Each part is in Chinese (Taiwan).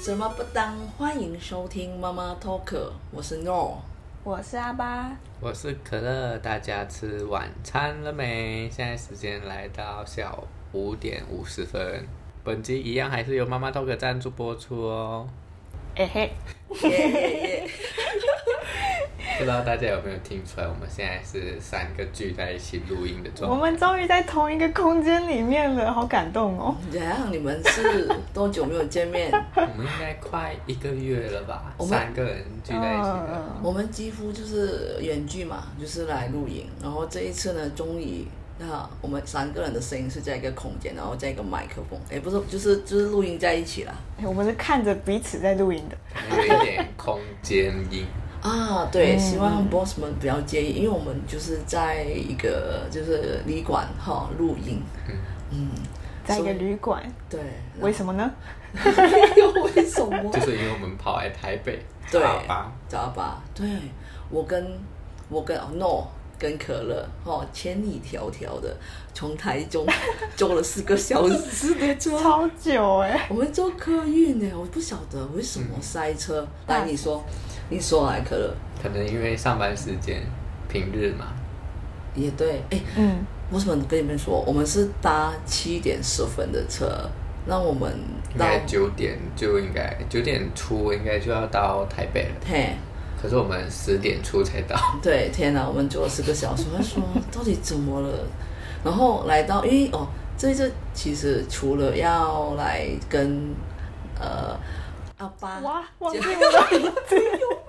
什麼不當？歡迎收聽媽媽 talker，我是諾，我是阿巴，我是可樂。大家吃晚餐了沒？現在時間來到下午五點五十分。本集一樣還是由媽媽 talker 贊助播出哦。 不知道大家有沒有聽出來，我們現在是三個聚在一起錄音的狀態。我們終於在同一個空間裡面了，好感動哦！然後， 你們是多久沒有見面？ 我們應該快一個月了吧？ 三個人聚在一起 我們幾乎就是遠距嘛，就是來錄音。嗯、然後這一次呢，終於，那我們三個人的聲音是在一個空間，然後在一個麥克風，哎、欸，不是，就是就是錄音在一起了、欸。我們是看着彼此在錄音的，有一點空間音。 啊，對，希望 Boss 們不要介意，因為我們就是在一個就是旅館哈，錄音，嗯，在一個旅館，對，為什麼呢？哈為什麼？就是因為我們跑來台北，對，知道吧？對，我跟我跟 No 跟可樂哦，千里迢迢的從台中坐了四個小時的車，超久哎！我們坐客運哎，我不曉得為什麼塞車，來你說。你說來可樂，可能因為上班時間，平日嘛。也對，哎、欸，嗯，我怎麼跟你們說？我們是搭七點十分的車，那我們到應該九點就應該九點初應該就要到台北了。對嘿，可是我們十點初才到。對，天吶，我們坐十個小時，他說到底怎麼了？ 然後來到，咦，哦，這一次其實除了要來跟呃阿爸，爸哇，哈哈 沒有，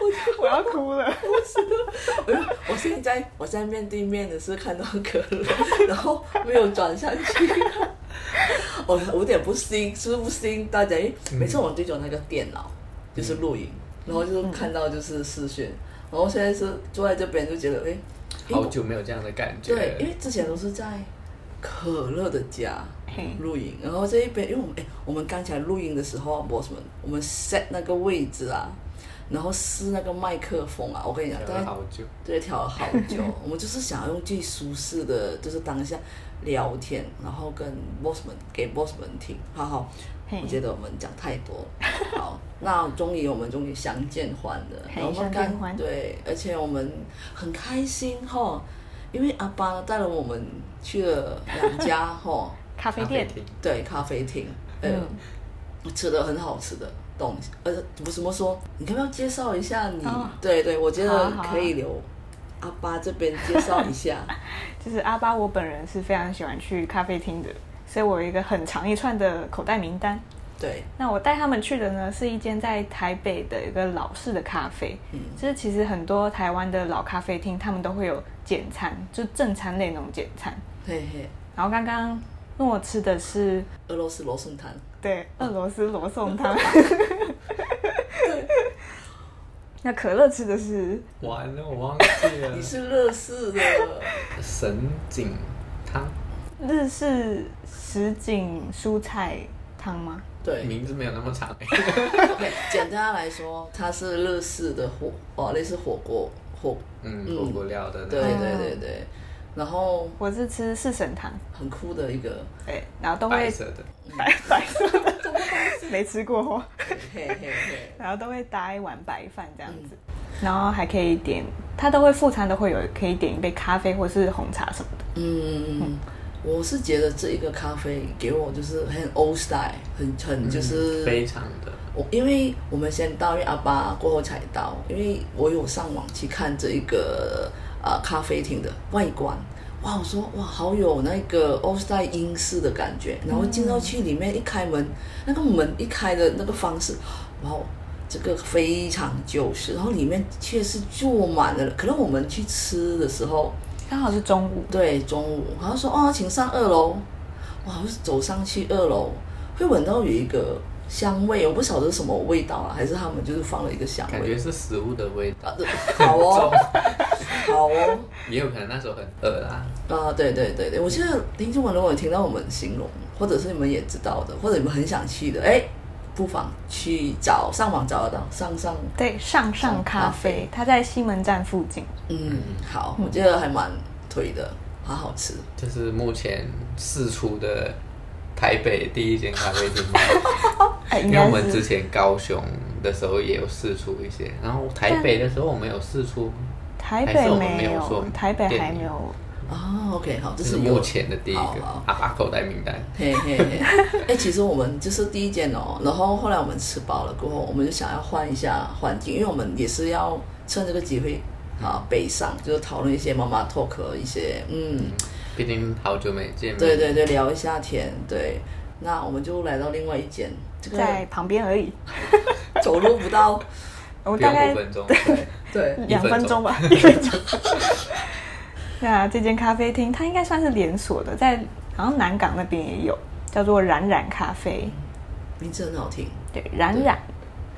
我就我要哭了，我知我我現在我現在面對面的是看到可樂，然後沒有轉上去。我有點不適應，是不是不適應？大家每次我對著那個電腦、嗯、就是錄影，然後就是看到就是視訊，嗯、然後現在是坐在這邊就覺得誒，哎、好久沒有這樣的感覺。對，因為之前都是在可樂的家錄影，然後這一邊因為誒、哎，我們剛才錄音的時候我什麼？我們 set 那個位置啊。然後試那個麥克風啊，我跟你講，對，調了好久， 我們就是想要用最舒適的就是當下聊天，然後跟 boss 們給 boss 們聽，好好，我覺得我們講太多，好， 那終於我們終於相見歡了，很相 幹歡，對，而且我們很開心哈，因為阿邦帶了我們去了兩家哈， 咖啡店，對，咖啡廳，嗯、呃， 吃的很好吃的。懂，呃，我怎麼說？你可不可以介紹一下你？哦、對對，我覺得可以留阿巴這邊介紹一下。好啊好啊 就是阿巴，我本人是非常喜歡去咖啡廳的，所以我有一個很長一串的口袋名單。對，那我帶他們去的呢，是一間在台北的一個老式的咖啡。嗯，就是其實很多台灣的老咖啡廳，他們都會有簡餐，就正餐類那種簡餐。對嘿，然後剛剛。那我吃的是俄羅斯羅宋湯，對，俄羅斯羅宋湯。那可樂吃的是？完了，我忘記了。你是日式的什錦湯？日式什錦蔬菜湯嗎？對，名字沒有那麼長。簡單來說，它是日式的火，類似火鍋火，嗯，火鍋料的。對對對對。然後我是吃四神湯，很酷的一個。對，然後都會白色的、嗯、白白色的沒吃過，hey, hey, hey, hey. 然後都會搭一碗白飯這樣子，嗯、然後還可以點，他都會副餐都會有，可以點一杯咖啡或者是紅茶什麼的。嗯，嗯我是覺得這一個咖啡給我就是很 old style，很很就是、嗯、非常的。我因為我們先到阿爸過後才到，因為我有上網去看這一個。啊、咖啡廳的外觀，哇，我說哇，好有那個奧斯泰英式的感覺。然後進到去裡面一開門，嗯、那個門一開的那個方式，哇，這個非常舊式。然後裡面卻是坐滿了，可能我們去吃的時候剛好是中午。對，中午好像說哦，請上二樓。哇，我走上去二樓會聞到有一個香味，我不曉得是什麼味道啊，還是他們就是放了一個香味，感覺是食物的味道，好哦。 好哦，oh. 也有可能那時候很餓啦，啊。啊、呃，對對對對，我記得聽眾們如果有聽到我們形容，或者是你們也知道的，或者你們很想去的，哎，不妨去找上網找得到上上對上上咖啡，它在西門站附近。嗯，好，嗯、我覺得還蠻推的，好好吃。這是目前試出的台北第一間咖啡店， 因為我們之前高雄的時候也有試出一些，然後台北的時候我們有試出。台北沒有，沒有台北還沒有啊。OK，好，這是，這是目前的第一個好好阿巴口袋名單。嘿，嘿嘿，哎、 欸，其實我們就是第一間哦、喔。然後後來我們吃飽了過後，我們就想要換一下環境，因為我們也是要趁這個機會啊北上，就是討論一些 Mamak 透可一些嗯，畢竟、嗯、好久沒見。對對對，聊一下天。對，那我們就來到另外一間，這個、在旁邊而已，走路不到， 我大概五分鐘。對兩對分鐘吧，一分鐘、 啊。這間咖啡廳，它應該算是連鎖的，在好像南港那邊也有，叫做冉冉咖啡，名字很好聽。對，冉冉，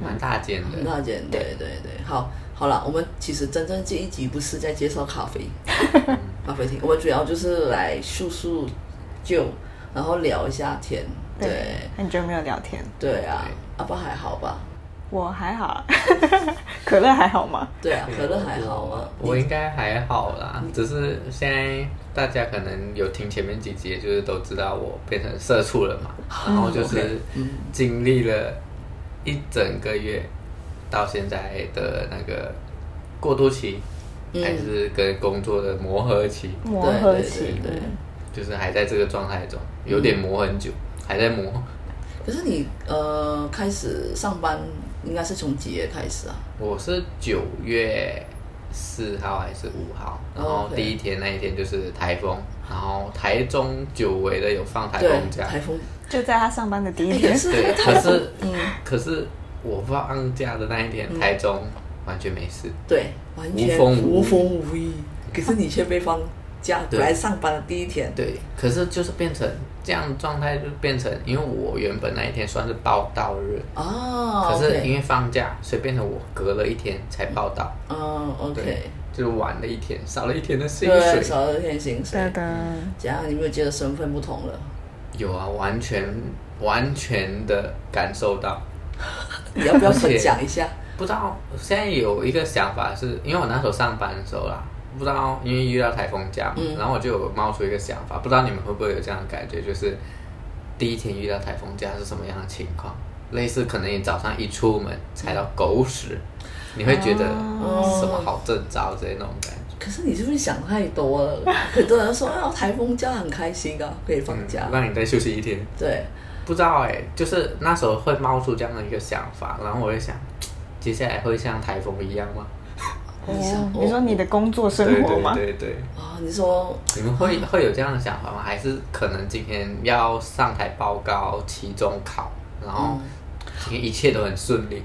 蠻大間的，嗯、很大間。對對對，好，好了，我們其實真正這一集不是在介紹咖啡，咖啡廳， 我們主要就是來敘敘舊，然後聊一下天。對，那、啊、你這沒有聊天？對啊，阿爸對、啊、還好吧？我還好，可樂還好嗎？對啊，可樂還好啊、嗯、我，我應該還好啦，你只是現在大家可能有聽前面幾集，就是都知道我變成社畜了嘛，嗯、然後就是經歷了一整個月到現在的那個過渡期，嗯、還是跟工作的磨合期，磨合期，對、就是還在這個狀態中，有點磨很久，嗯、還在磨。可是你呃，開始上班，應該是從幾月開始啊？我是九月四號還是五號？然後第一天那一天就是颱風，oh, okay. 然後台中久違的有放颱風假。颱風就在他上班的第一天，是對，可是，嗯，可是我放假的那一天，嗯、台中完全沒事，對，完全無風無雨。無風無雨。可是你卻被放了。 剛來上班的第一天對，對。可是就是變成這樣的狀態，就變成因為我原本那一天算是報到日，哦，可是因為放假，哦 okay，所以變成我隔了一天才報到，嗯，OK，就是晚了一天，少了一天的薪水，對，少了一天薪水。對的、嗯。這樣，你有沒有覺得身份不同了？有啊，完全完全的感受到。 你要不要先講一下？不知道，現在有一個想法是，是因為我那時候上班的時候啦。不知道，因為遇到颱風假嘛，嗯、然後我就有冒出一個想法，不知道你們會不會有這樣的感覺，就是第一天遇到颱風假是什麼樣的情況？類似可能你早上一出門踩到狗屎，嗯、你會覺得、哦、什麼好徵兆之類，那種感覺？可是你是不是想太多了？ 很多人說啊，颱風假很開心啊，可以放假，嗯、讓你再休息一天。對，不知道哎、欸，就是那時候會冒出這樣的一個想法，然後我就想，接下來會像颱風一樣嗎？你說，你說你的工作生活嗎？對對對，對啊，你說你們會、啊、會有這樣的想法嗎？還是可能今天要上台報告、期中考，然後、嗯、今天一切都很順利。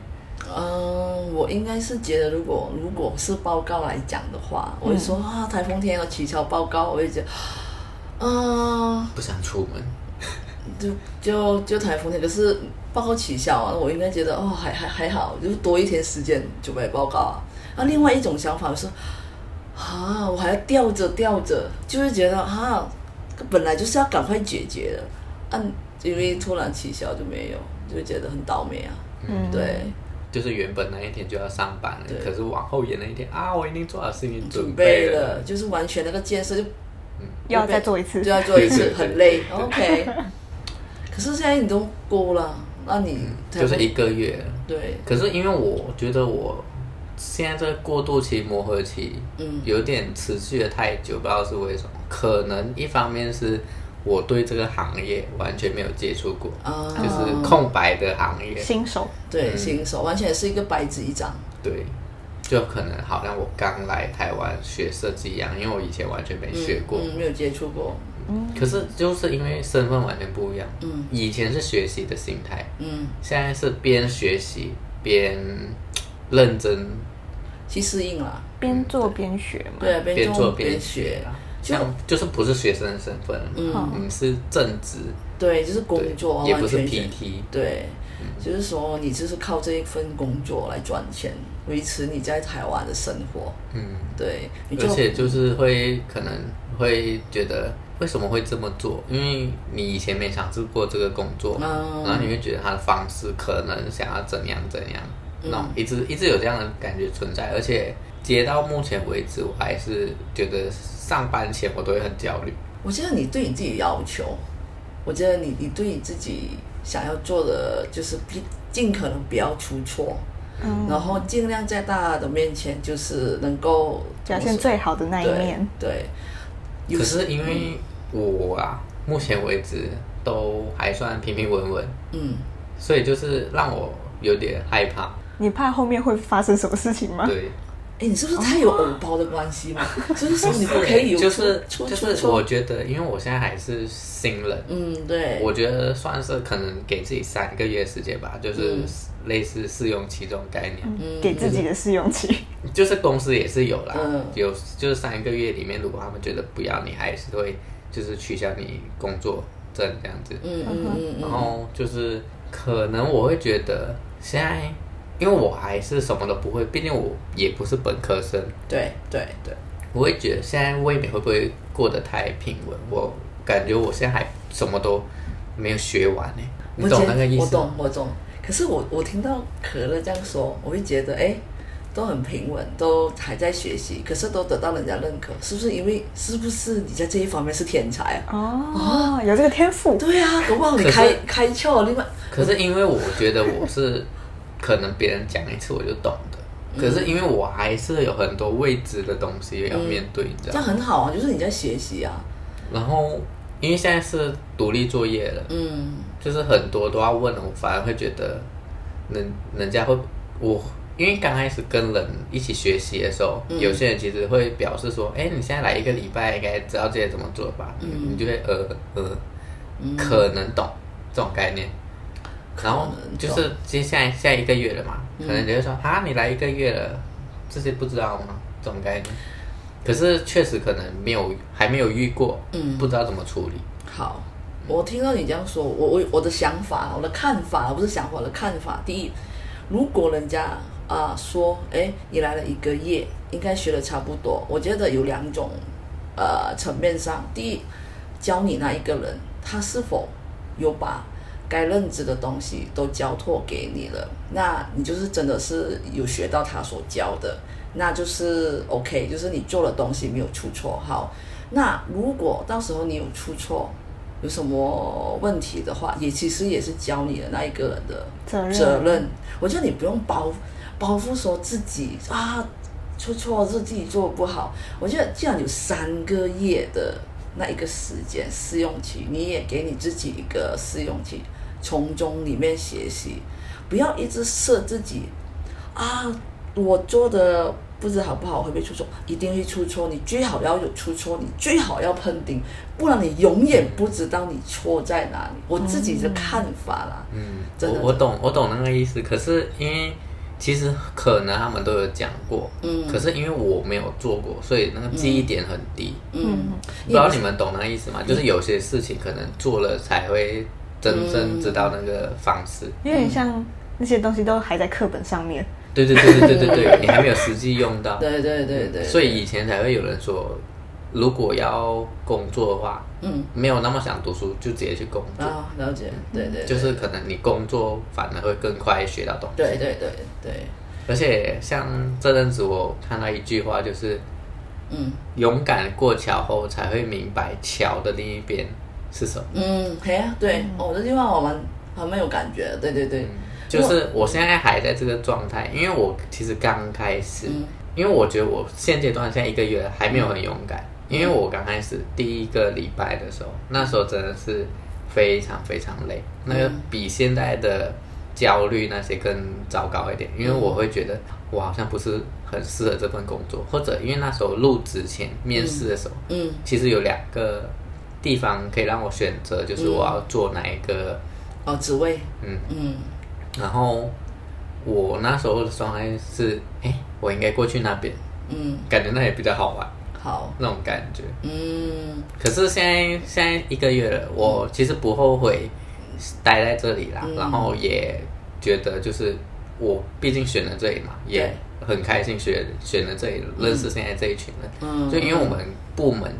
嗯，我應該是覺得，如果如果是報告來講的話，嗯、我就說啊，颱風天要取消報告，我就覺得，嗯、啊，不想出門。就就就颱風天，可是報告取消啊，那我應該覺得哦，還還還好，就多一天時間準備報告啊。啊，另外一種想法是，啊，我還要吊着吊着，吊着就是覺得啊，本來就是要趕快解決的。啊，因為突然取消就沒有，就覺得很倒霉啊。嗯，對，就是原本那一天就要上班了，對可是往後延了一天啊，我一定已經做好心理準備了，就是完全那個建設就，要再做一次，就要做一次，很累。 OK， 可是現在你都過了，那你就是一個月，對，可是因為我覺得我。現在這個過渡期、磨合期，嗯，有點持續得太久，嗯、不知道是為什麼。可能一方面是我對這個行業完全沒有接觸過，嗯、就是空白的行業，新手，嗯、對，新手完全是一個白紙一張。對，就可能好像我剛來台灣學設計一樣，因為我以前完全沒學過，嗯嗯、沒有接觸過。嗯，可是就是因為身份完全不一樣，嗯，以前是學習的心態，嗯，現在是邊學習邊認真。去適應了，邊做邊學嘛。對，邊做邊學，就就是不是學生的身份了，嗯，是正職，對，就是工作也不是 PT。對，就是說你就是靠這一份工作來賺錢，維持你在台灣的生活，嗯，對。而且就是會可能會覺得為什麼會這麼做，因為你以前沒嘗試過這個工作，然後你會覺得他的方式可能想要怎樣怎樣。那、嗯、一直一直有這樣的感覺存在，而且截至目前為止，我還是覺得上班前我都會很焦慮。我覺得你對你自己要求，我覺得你你對你自己想要做的就是盡盡可能不要出錯，嗯，然後盡量在大家的面前就是能夠表現最好的那一面。對，可是因為我啊，嗯、目前為止都還算平平穩穩，嗯，所以就是讓我有點害怕。你怕後面會發生什麼事情嗎？對、欸，你是不是太有偶包的關係嘛？ 就是你不可以有，就是就是我覺得，因為我現在還是新人，嗯，對，我覺得算是可能給自己三個月時間吧，就是類似試用期這種概念，嗯，給自己的試用期、就是，就是公司也是有啦，嗯、有就是三個月裡面，如果他們覺得不要你，還是會就是取消你工作證這樣子，嗯嗯嗯，嗯嗯然後就是可能我會覺得現在。因為我還是什麼都不會，畢竟我也不是本科生。對對對，對對我會覺得現在未免會不會過得太平穩？我感覺我現在還什麼都沒有學完呢，你懂那個意思？我懂，我懂。可是我我聽到可樂這樣說，我會覺得哎，都很平穩，都還在學習，可是都得到人家認可，是不是？因為是不是你在這一方面是天才啊？哦，啊、有這個天賦。對呀、啊，好不好是？你開開竅了。另外，可是因為我覺得我是。 可能別人講一次我就懂的，嗯、可是因為我還是有很多未知的東西要面對，嗯、這樣很好啊，就是你在學習啊。然後因為現在是獨立作業了，嗯，就是很多都要問了，我反而會覺得人人家會我，因為剛開始跟人一起學習的時候，嗯、有些人其實會表示說，哎、欸，你現在來一個禮拜，該知道這些怎麼做吧？嗯、你就會呃呃，可能懂、嗯、這種概念。然後就是接下來下一個月了嘛，可能人家說、嗯、啊，你來一個月了，這些不知道嗎？總概念，可是確實可能沒有還沒有遇過，嗯，不知道怎麼處理。好，我聽到你這樣說，我我我的想法，我的看法，不是想法，我的看法。第一，如果人家啊、呃、說，哎，你來了一個月，應該學的差不多，我覺得有兩種，呃，層面上，第一，教你那一個人，他是否有把。該認知的東西都交託給你了，那你就是真的是有學到他所教的，那就是 OK，就是你做的東西沒有出錯。好，那如果到時候你有出錯，有什麼問題的話，也其實也是教你的那一個人的責任。責任了，我覺得你不用包包袱說自己啊出錯是自己做不好。我覺得既然有三個月的那一個時間試用期，你也給你自己一個試用期。從中裡面學習，不要一直設自己，啊，我做的不知好不好，會不會出錯？一定會出錯，你最好要有出錯，你最好要碰釘，不然你永遠不知道你錯在哪裡。嗯，我自己的看法啦。嗯，真的，我，我懂，我懂那個意思。可是因為其實可能他們都有講過，嗯，可是因為我沒有做過，所以那個記憶點很低。嗯，嗯，不知道你們懂那個意思嗎？嗯，就是有些事情可能做了才會。真正知道那個方式，嗯、因為你像那些東西都還在課本上面。對對對對對對對， 你還沒有實際用到。對對對對，對，所以以前才會有人說，如果要工作的話，嗯，沒有那麼想讀書，就直接去工作啊、哦。了解，嗯、對對，對，就是可能你工作反而會更快學到東西。對對對對，對，而且像這陣子我看到一句話，就是，嗯，勇敢過橋後才會明白橋的另一邊是什麼？嗯，哎、啊，對，嗯哦、這我這句話我們很沒有感覺。對對對、嗯，就是我現在還在這個狀態，因為我其實剛開始，嗯、因為我覺得我現階段現在一個月還沒有很勇敢，嗯、因為我剛開始第一個禮拜的時候，嗯、那時候真的是非常非常累，嗯、那個比現在的焦慮那些更糟糕一點，因為我會覺得我好像不是很適合這份工作，或者因為那時候入職前面試的時候，嗯，嗯其實有兩個。地方可以讓我選擇，就是我要做哪一個、嗯嗯、哦，職位，嗯嗯，然後我那時候的狀態是，哎，我應該過去那邊，嗯，感覺那也比較好玩，好，那種感覺，嗯，可是現在現在一個月了，我其實不後悔待在這裡啦，嗯、然後也覺得就是我畢竟選了這裡嘛，嗯、也很開心選選了這裡，認識現在這一群人，嗯，就因為我們部門。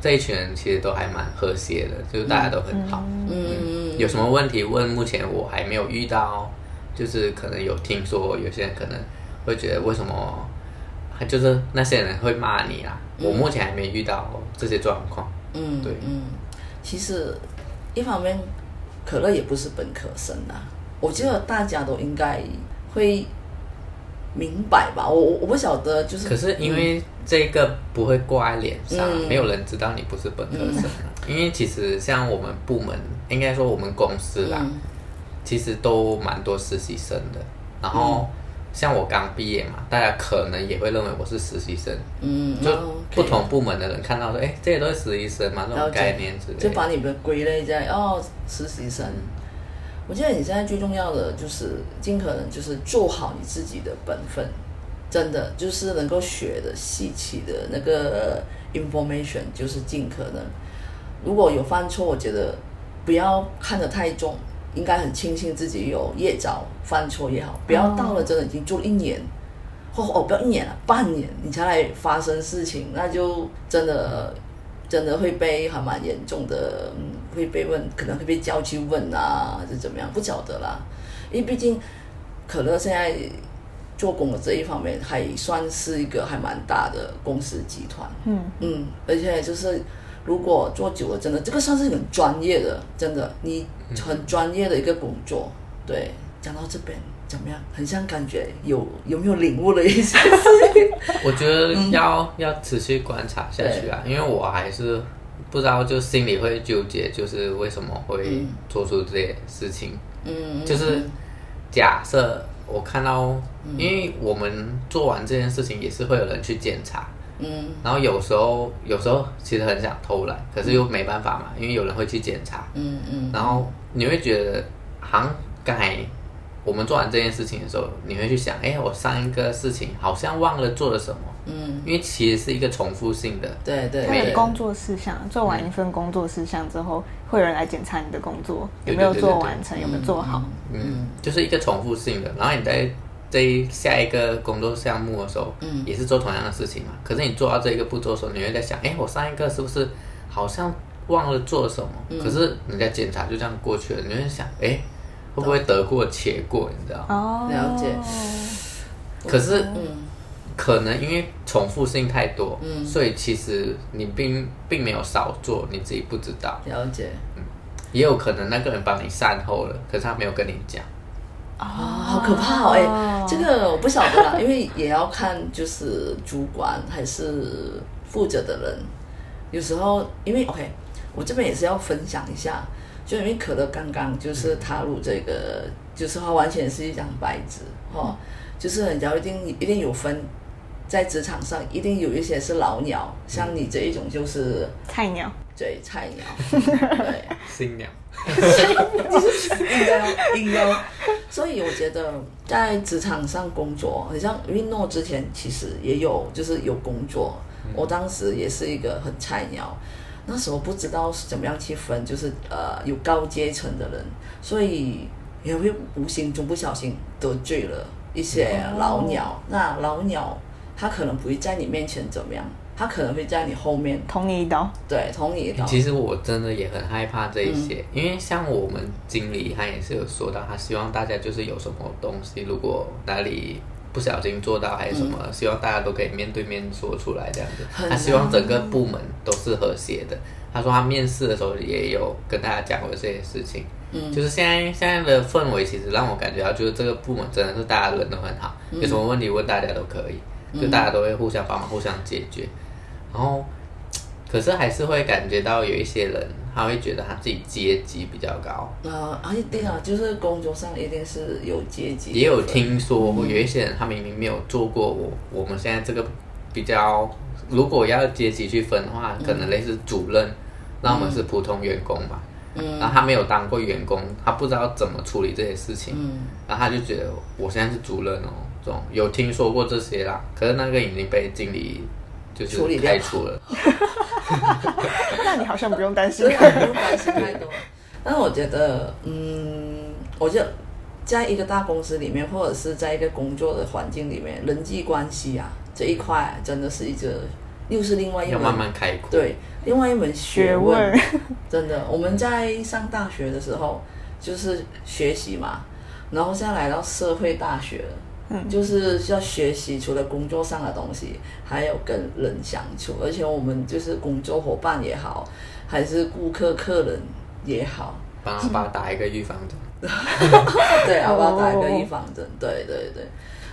這一群人其實都還蠻和諧的，就是大家都很好。嗯，嗯，嗯，有什麼問題問？目前我還沒有遇到，就是可能有聽說有些人可能會覺得為什麼，就是那些人會罵你啊？我目前還沒遇到這些狀況。嗯，對嗯，嗯，其實一方面可樂也不是本科生吶、啊，我覺得大家都應該會。明白吧，我我我不曉得，就是可是因為這個不會掛在臉上，嗯、沒有人知道你不是本科生，啊。嗯、因為其實像我們部門，應該說我們公司啦，嗯、其實都蠻多實習生的。然後像我剛畢業嘛，大家可能也會認為我是實習生。嗯，就不同部門的人看到說，嗯 okay，哎，這些都是實習生嘛，這種概念之類的就，就把你們歸類在哦實習生。我覺得你現在最重要的就是盡可能，就是做好你自己的本分，真的就是能夠學的細起的那個 information，就是盡可能。如果有犯錯，我覺得不要看得太重，應該很慶幸自己有越早犯錯也好。不要到了真的已經做一年，哦哦，不要一年了，半年你才來發生事情，那就真的真的會被還蠻嚴重的。會被問，可能會被叫去問啊，是怎麼樣？不曉得啦，因為畢竟可樂現在做工的這一方面還算是一個還蠻大的公司集團。嗯嗯，而且就是如果做久了，真的這個算是很專業的，真的你很專業的一個工作。嗯、對，講到這邊怎麼樣？很像感覺有有沒有領悟了一些？ 我覺得要、嗯、要仔細觀察下去啊，對因為我還是。不知道就心裡會糾結，就是為什麼會做出這些事情。嗯，嗯嗯，就是假設我看到，因為我們做完這件事情也是會有人去檢查。嗯，然後有時候有時候其實很想偷懶，可是又沒辦法嘛，因為有人會去檢查。嗯嗯，嗯，然後你會覺得，好像剛才我們做完這件事情的時候，你會去想，哎、欸，我上一個事情好像忘了做了什麼。嗯，因為其實是一個重複性的，對對。他有工作事項做完一份工作事項之後，會有人來檢查你的工作有沒有做完成，有沒有做好。嗯，就是一個重複性的。然後你在這下一個工作項目的時候，嗯，也是做同樣的事情嘛。可是你做到這一個步驟的時候，你會在想，哎，我上一個是不是好像忘了做什麼？可是人家檢查就這樣過去了，你會想，哎，會不會得過且過？你知道嗎？哦，了解。可是，嗯。可能因為重複性太多，嗯，所以其實你並並沒有少做，你自己不知道。了解、嗯，也有可能那個人幫你善後了，可是他沒有跟你講。哦，好可怕哎、哦哦欸，這個我不曉得啦， 因為也要看就是主管還是負責的人。有時候因為 OK，我這邊也是要分享一下，就因為可樂剛剛就是踏入這個，嗯、就是他完全是一張白紙，哦嗯、就是人家一定一定有分。在職場上一定有一些是老鳥，嗯、像你這一種就是菜鳥，對，菜鳥， 對，新鳥，新鳥，新鳥，所以我覺得在職場上工作，好像 Winno 之前其實也有，就是有工作，嗯、我當時也是一個很菜鳥，嗯、那時候不知道是怎麼樣去分，就是呃有高階層的人，所以也會無形中不小心得罪了一些老鳥，哦、那老鳥。他可能不會在你面前怎麼樣，他可能會在你後面捅你一刀。對，捅你一刀。其實我真的也很害怕這一些，嗯、因為像我們經理他也是有說到，他希望大家就是有什麼東西，如果哪裡不小心做到還是什麼，嗯、希望大家都可以面對面說出來這樣子。嗯、他希望整個部門都是和諧的。他說他面試的時候也有跟大家講過這些事情，嗯，就是現在現在的氛圍其實讓我感覺到，就是這個部門真的是大家人都很好，嗯、有什麼問題問大家都可以。就大家都會互相幫忙、嗯、互相解決，然後，可是還是會感覺到有一些人，他會覺得他自己階級比較高。啊、啊，一定啊，就是工作上一定是有階級。也有聽說，嗯、有一些人他明明沒有做過我我們現在這個比較，如果要階級去分的話，可能類似主任，嗯、那我們是普通員工吧。嗯。然後他沒有當過員工，他不知道怎麼處理這些事情。嗯。然後他就覺得我現在是主任哦。有聽說過這些啦，可是那個已經被經理就是處理太粗了。那你好像不用擔心， 不用擔心太多。但是我覺得，嗯，我就在一個大公司裡面，或者是在一個工作的環境裡面，人際關係啊這一塊、啊，真的是一個，又是另外一門要慢慢開闊，對，另外一門學問。學問 真的，我們在上大學的時候就是學習嘛，然後現在來到社會大學就是要學習，除了工作上的東西，還有跟人相處。而且我們就是工作夥伴也好，還是顧客客人也好，要不打一個預防針？ 對啊，爸 打一個預防針？對對對，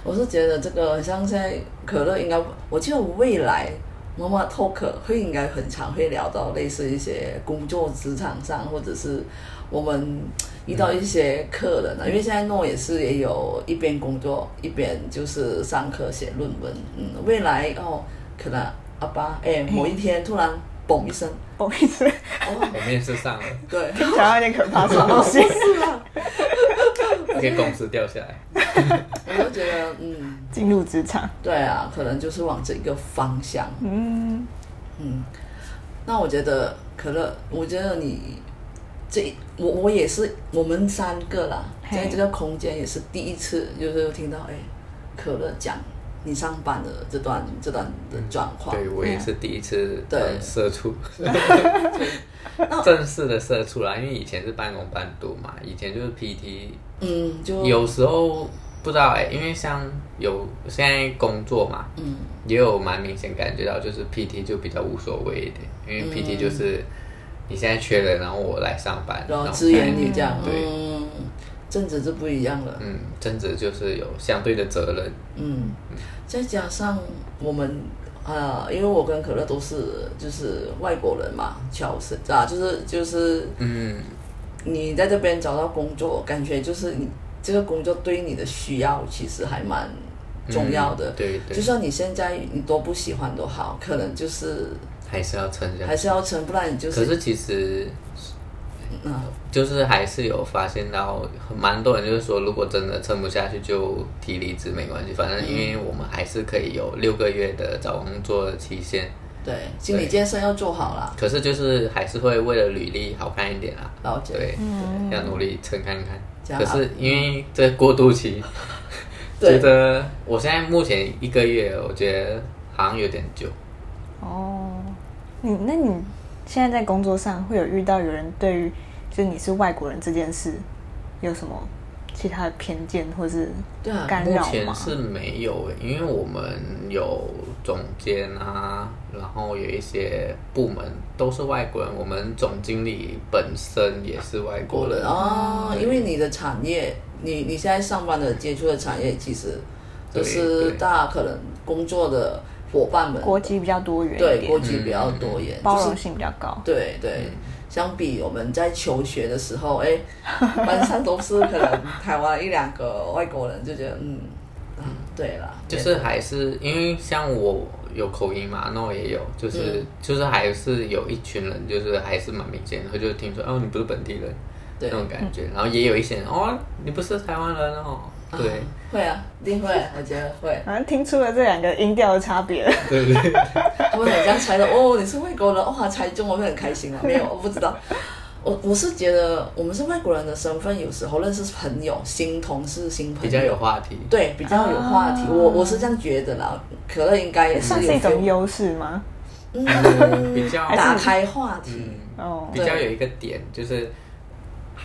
我是覺得這個像現在可樂應該，我記得未來 Mamak 透可會應該很常會聊到類似一些工作職場上或者是。我們遇到一些客人、啊嗯、因為現在諾也是也有一邊工作一邊就是上課寫論文，嗯，未來哦，可能阿爸哎，欸嗯、某一天突然嘣一聲，嘣一聲，哦、我面試上了，對，想想有點可怕，什麼東西，哈哈 吧，哈哈，給公司掉下來， 我就覺得嗯，進入職場，對啊，可能就是往這一個方向，嗯嗯，那我覺得可樂，我覺得你。所以我我也是，我們三個啦，嘿在這個空間也是第一次，就是聽到哎，可樂講你上班的這段這段的狀況。嗯、對我也是第一次。嗯、對。社畜。正式的社畜啦，因為以前是半工半讀嘛，以前就是 PT 嗯，就有時候不知道哎、欸，因為像有現在工作嘛，嗯，也有蠻明顯感覺到，就是 PT 就比較無所謂一點，因為 PT 就是。嗯你現在缺人，然後我來上班，然後支援你這樣，嗯嗯、對，正職就不一樣了。嗯，正職就是有相對的責任。嗯，再加上我們呃，因為我跟可樂都是就是外國人嘛，僑生啊，就是就是嗯，你在這邊找到工作，感覺就是你這個工作對你的需要其實還蠻重要的。嗯、對，對，就算你現在你多不喜歡都好，可能就是。還是要撐下去，還是要撐，不然你就是。可是其實，嗯、啊，就是還是有發現到蠻多人就是說，如果真的撐不下去就，就提離職沒關係，反正因為我們還是可以有六個月的找工作的期限。嗯、對，心理建設要做好了。可是就是還是會為了履歷好看一點啊。解對，嗯、要努力撐看看。啊、可是因為這過渡期，嗯、 對覺得我現在目前一個月，我覺得好像有點久。哦。你那，你現在在工作上會有遇到有人對於就你是外國人這件事有什麼其他的偏見或是干擾嗎？對啊，目前是沒有，因為我們有總監啊，然後有一些部門都是外國人，我們總經理本身也是外國人啊。哦，因為你的產業，你你現在上班的接觸的產業，其實就是大家可能工作的。夥伴們，國籍比較多元，對、嗯，國籍比較多元，包容性比較高。對對，對嗯、相比我們在求學的時候，哎、欸， 班上都是可能台灣一兩個外國人，就覺得嗯，嗯對了。就是還是、嗯、因為像我有口音嘛，然後也有，就是、嗯、就是還是有一群人，就是還是蠻明顯的，就是、聽說哦，你不是本地人，對那種感覺。嗯、然後也有一些人哦，你不是台灣人哦。啊、對，會啊，一定會，我覺得會，好像、啊、聽出了這兩個音調的差別。 對，對對，他們兩家猜的，哦，你是外國人，哇、哦，猜中我會很開心啊，沒有，我、哦、不知道， 我我是覺得我們是外國人的身份，有時候認識朋友、新同事、新朋友比較有話題，對，比較有話題，我、啊、我是這樣覺得啦。可樂應該也是算是一種優勢嗎？嗯、比較 打開話題、嗯，比較有一個點、哦、對就是。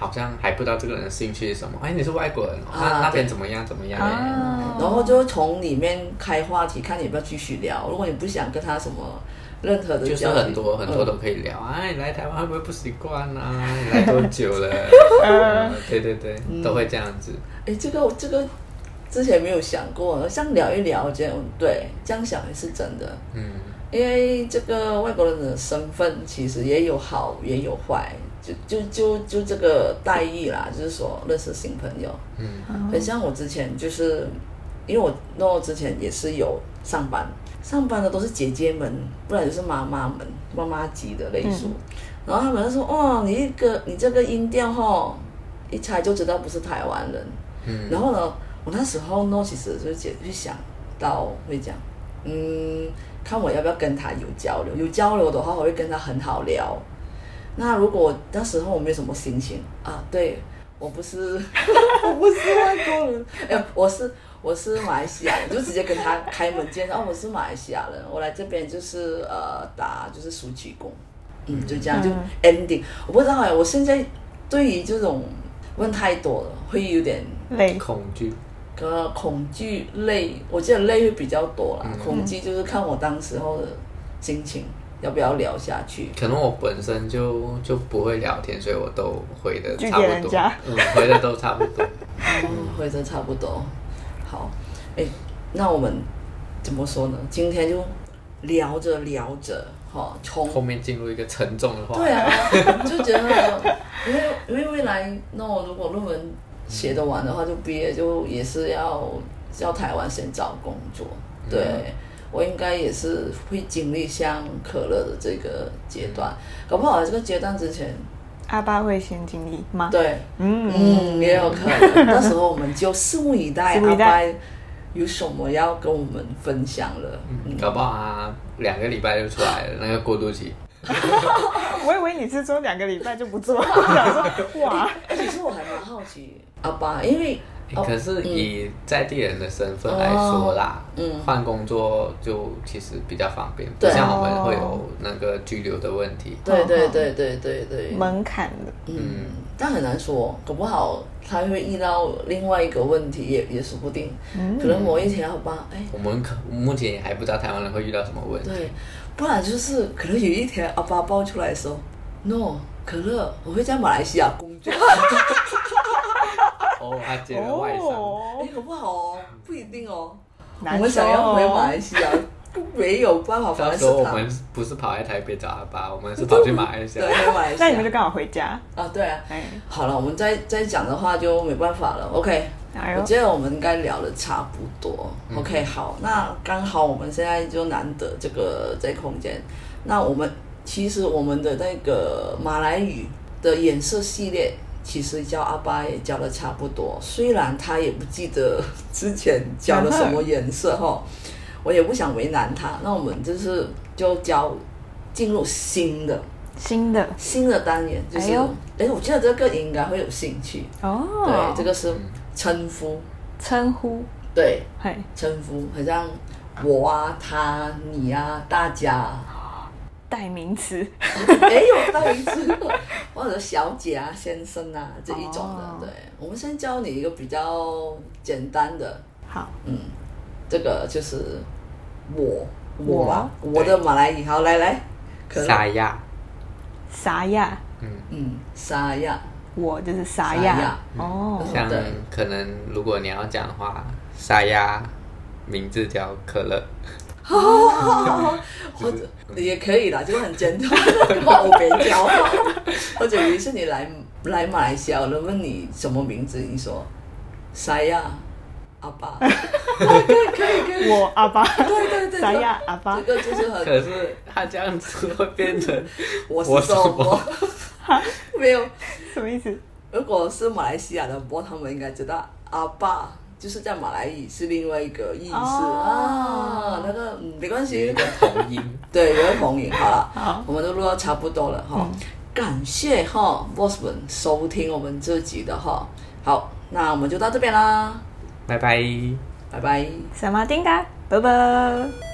好像還不知道這個人的興趣是什麼。哎，你是外國人，啊啊、那那邊怎麼樣？對怎麼樣？對然後就從裡面開話題，看你要不要繼續聊。如果你不想跟他什麼任何的，就是很多、嗯、很多都可以聊。哎，你來台灣會不會不習慣、啊、 你來多久了？ 嗯、對對對，嗯、都會這樣子。哎，這個這個之前沒有想過，像聊一聊這樣、嗯，對，這樣想也是真的。嗯，因為這個外國人的身份其實也有好也有壞。就就就就這個待遇啦，就是說認識新朋友，嗯，很像我之前就是，因為我那、NO、我之前也是有上班，上班的都是姐姐們，不然就是媽媽們，媽媽級的那一種。嗯、然後他們說，哇、哦，你一個你這個音調哈、哦，一猜就知道不是台灣人。嗯、然後呢，我那時候那、NO、其實就是姐去想到會講，嗯，看我要不要跟他有交流，有交流的話我會跟他很好聊。那如果那時候我沒什麼心情啊，對，我不是， 我不是外國人，哎、欸，我是我是馬來西亞人，就直接跟他開門見山，哦，我是馬來西亞人，我來這邊就是呃打就是暑期工，嗯，就這樣就 ending。我不知道哎，我現在對於這種問太多了，會有點累恐懼，呃，恐懼累，我覺得累會比較多啦，恐懼就是看我當時候的心情。要不要聊下去？可能我本身就就不會聊天，所以我都回的差不多， 嗯，回的都差不多， 哦、回的差不多。好，哎，那我們怎麼說呢？今天就聊着聊着，哈、哦，從後面進入一個沉重的話題。對啊， 就覺得因為因為未來，那我如果論文寫得完的話，就畢業就也是要要台灣先找工作，對。嗯我應該也是會經歷像可樂的這個階段，搞不好、啊、這個階段之前，阿爸會先經歷嗎？對，嗯，嗯嗯，也有可能。那 時候我們就拭目以待，阿爸有什麼要跟我們分享了？嗯、搞不好、啊、兩個禮拜就出來了， 那個過渡期。 我以為你是說兩個禮拜就不做了， 我想說哇！其實我還蠻好奇阿爸，因為。可是以在地人的身份、oh, 嗯、來說啦，嗯、換工作就其實比較方便，對不像我們會有那個居留的問題。對對對對對對，對對對對對門檻的。嗯，嗯，但很難說，搞不好他會遇到另外一個問題也，也也說不定。嗯、可能某一天阿爸哎，我們可目前還不知道台灣人會遇到什麼問題？對，不然就是可能有一天阿爸爆出來說，No，可樂，我會在馬來西亞工作。 哦，他姐的外甥。哎、哦欸，好不好？哦，不一定哦。嗯、我們想要回馬來西亞，哦、沒有辦法反正它。說我們不是跑來台北找阿爸，我們是跑去馬來西亞。嗯、對馬來西亞，那你們就剛好回家啊！對啊，嗯、好了，我們再再講的話就沒辦法了。OK，、哎、呦我覺得我們應該聊得差不多。OK，、嗯、好，那剛好我們現在就難得這個這個、空間，那我們、哦、其實我們的那個馬來語的顏色系列。其實教阿爸也教的差不多，雖然他也不記得之前教了什麼顏色吼， 我也不想為難他，那我們就是就教進入新的新的新的單元。就是哎喲誒，我覺得這個應該會有興趣哦。對，這個是稱呼稱呼，對，稱呼，很對嘿像我啊他你啊大家。代名詞，沒有代名詞，或者小姐啊、先生啊這一種的。Oh. 對，我們先教你一個比較簡單的。好，oh. 嗯，這個就是我，我，我，我的馬來語。好，來來，可樂，沙亞，沙亞，嗯嗯，沙亞，我就是沙亞。哦、嗯，oh, 像可能如果你要講的話，沙亞名字叫可樂。或者也可以啦，就很簡單，冒名交換。或者於是你來來馬來西亞，我問你什麼名字？你說沙亞阿爸。可以可以跟我阿爸。對對對，沙亞阿爸。這個就是很，可是他這樣子會變成我是說。沒有什麼意思。如果是馬來西亞的播，他們應該知道阿爸。就是在馬來語是另外一個意思、哦、啊，那個嗯沒關係，那個、 對，一個同音，好了，好我們都錄到差不多了哈，嗯、感謝哈，Bossman 收聽我們這集的哈，好，那我們就到這邊啦，拜拜，拜，拜，拜拜，什麼定噶，拜拜。